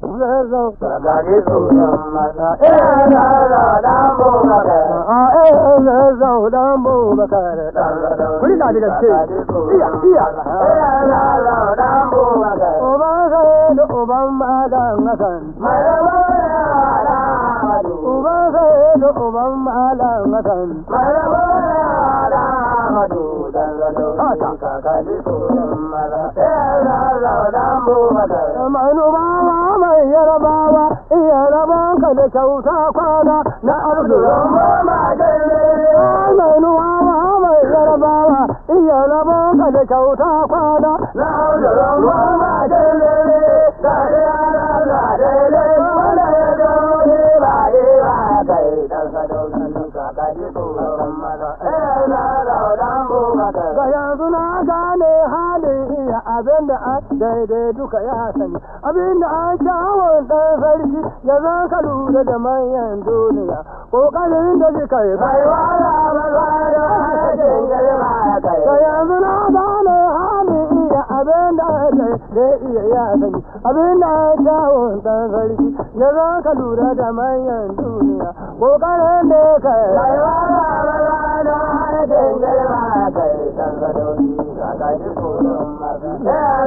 Kuri ka da gaske, iya, rabon ka da kyauta kwana na abdurrahman mai nuwawa mai yarbawa iya rabon ka da kyauta kwana na abdurrahman eh, ba kai. daidai duka ya sani abinda an shawar ɗan sarki ya zan ka lura da manyan duniya ƙoƙarin da yi kai da girma kai yanzu na gane halin iya abin da ya iya ya sani abin da an shawar ɗan sarki ya zan ka lura da manyan duniya ƙoƙarin da kai kai da girma kai kan ka eh,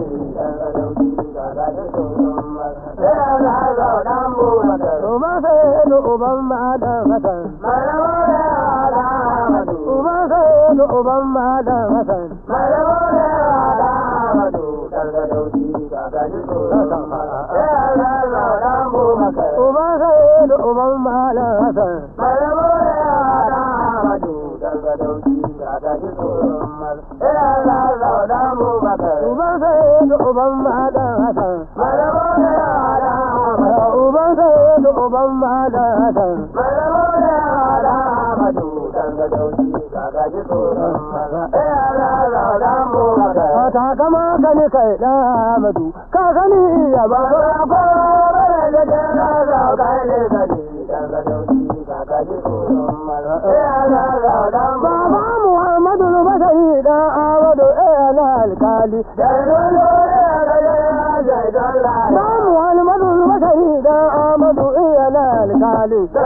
Adam Hassan. Malamu ne Adam Amadu, daga dauki daga jiko Hassan fara. Eh Allah Malam Bubakar. Uban Sa'idu Uban Malam Hassan. Malamu ne Adam Amadu, daga dauki daga jiko Umar. Eh Allah Malam Bubakar. Uban Sa'idu Uban Malam Hassan. Malamu ne Adam Amadu. Uban Sa'idu Uban Malam Hassan. Malamu ne ta kama gani kai da madu ka gani ya ba ko ko da da na ga kai ne gani da ga dauki ka ga ji tsoron mara ya na ga da baba muhammadu basari da awado ya na alkali da lolo ya ga ya zai dalla ba muhammadu basari da amadu ya na alkali da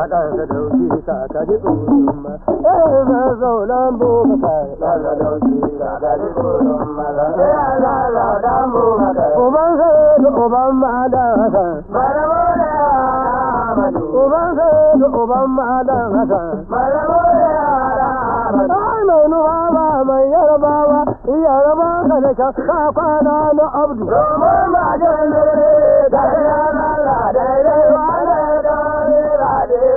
ɗan ka da ka ka ji tsoron ma eh ma zaunan buka ka da ka ka ka ji ma la la la dan buka ka uban sai da uban ma dan ka malamo da amadu uban sai da uban ma dan ka malamo da amadu ai mai nuwa ba mai yarbawa yarba ka da ka ka kwana na abdu domin ba jan dare da ya lalla da ya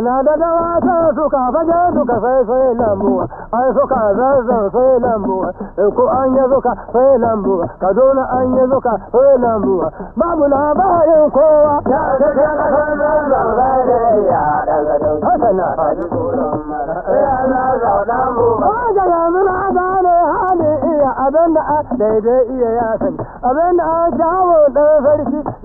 na da dawata suka fage suka sai sai ai suka zazzan sai lambuwa ko an yi suka sai lambuwa an sai babu kowa ya ce ya daga faɗi mara yanzu na iya abin da daidai iya ya abin da jawo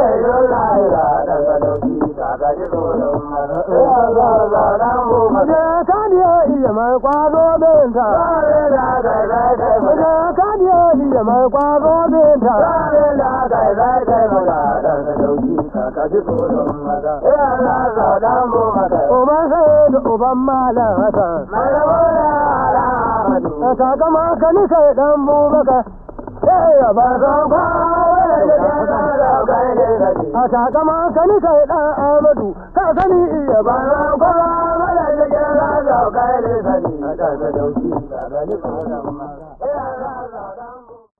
mai kwazo binta da binta da dan bubaka. Sai ya ba zan kwawo da a takama kani kai ɗan amadu ka sani iya ba na kowa kai ne sani a